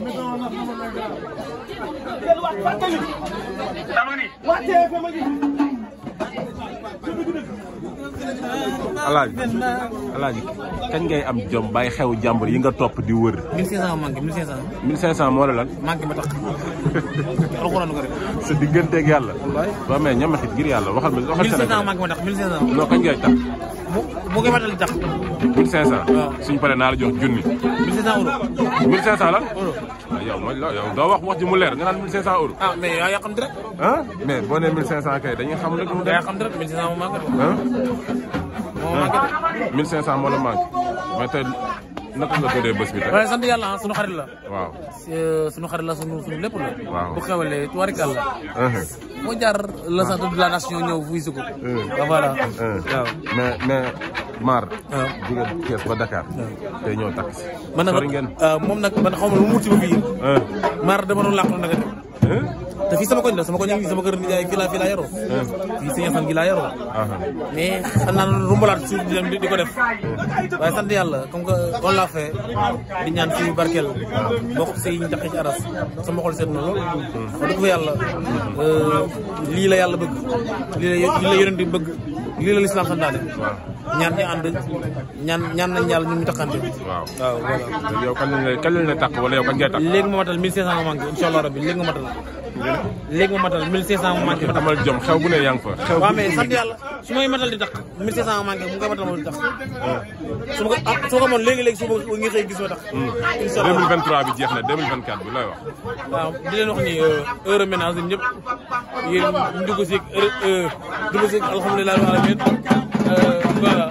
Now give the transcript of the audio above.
alaaji alaaji kañ ngay am jom bàyyi xew jàmbur yi nga topp di wër. 1500 manqué 1500. 1500 moo la lan. manqué ma tax. alxuraan ko rek. sa digganteeg yàlla. waaw mais ñamaxit ngir yàlla waxal ma waxal. 1500 manqué ma tax 1500. non kañ ngay tax. moo koy waral tax. 1500. waaw suñ paree naa la jox junni. 1500 euros. 1500 lan. euros waaw ah, yow mooy yow doo wax wax ji mu leer nga naan 1500 euros. ah mais yow yaa xam dara. ah mais boo nee 1500 kay dañuy xam rek. yaa xam dara 1500 moo manqué. moo manqué 1500 moo la manqué mais tey naka nga doodee bés bi tey. waaye sant yàlla sunu xarit la. waaw euh, sunu xarit la sunu sunu lépp la. waaw bu xewalee tubaarikàl la. Uh-huh. moo jaar la sant de la nation ñëw wuyu si ko. Uh-huh. Ah, uh-huh. Mar. waaw ah. Dakar. Ah. Euh, ma lu mu mucc ba fii. Mar dama doon làqal nag. Tapi fii sama koñ sama koñ sama kër hmm. nijaay di di ko def hmm. waaye sant yàlla comme que on l'a ya. di ñaan suñu barkeel bokk sëy njaq aras sama xol seet lo, lool wax dëgg fa yàlla lii la yàlla bëgg lii la ñaan ñu ànd ñaan ñaan nañ yàlla ñu mu taxante waaw waaw voilà yow kañ lañ kañ lañ la takk wala yow kañ ngay takk léegi ma matal 1500 ma manqué incha allah rabbi léegi ma matal léegi ma matal 1500 ma manqué amal jom xew bu ne yaa ngi fa xew waaw mais sant yàlla su may matal di takk 1500 ma manqué mu nga matal ma di takk su ma ko ah, su ma ko moon léegi-léegi suba ngi xëy gis ma takk hmm. incha allah 2023 bi jeex na 2024 bi lay wax waaw di leen wax ni euh, heure ménage ñëpp yéen dugg si euh, euh, dugg si alhamdulilah alamin Euh... voilà.